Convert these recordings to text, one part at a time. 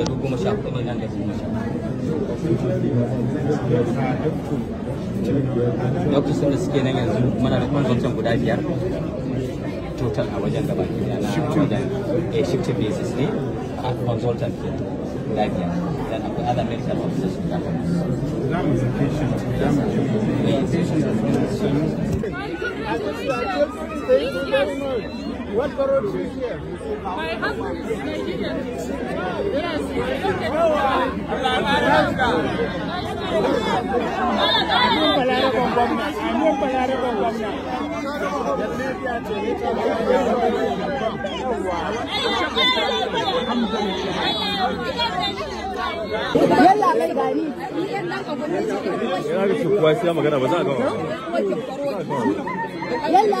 shekaru goma sha hudu ne nan da goma sha doctors da suke nan yanzu muna da consultant guda biyar total a wajen gaba na wajen a eh, shifting basis ne a consultant ke guda biyar dan akwai other medical officers guda What parole is here? My husband is Nigerian. Yes. yalla kai gani yana da a yalla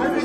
Thank